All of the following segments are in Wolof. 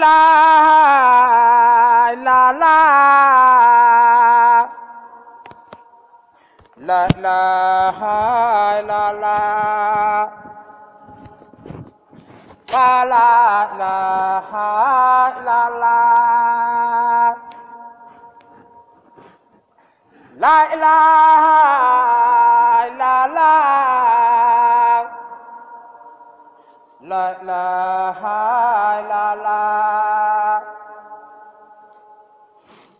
la la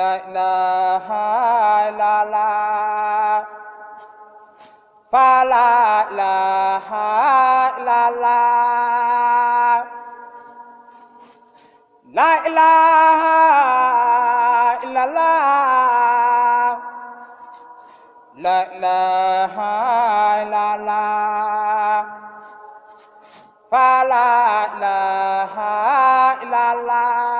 la ilaha illa la fa la ilaha illa la la ilaha illa la la ilaha illa la fa la ilaha illa la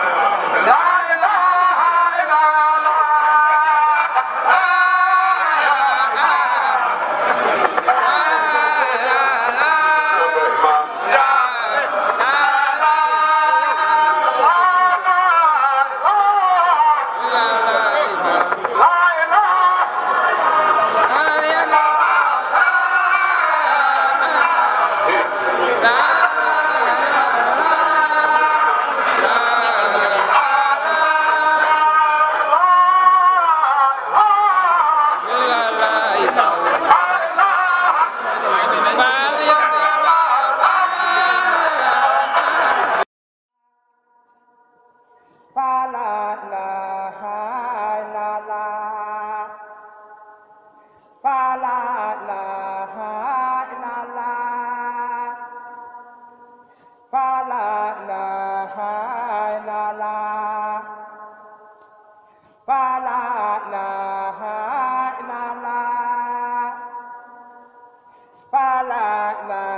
la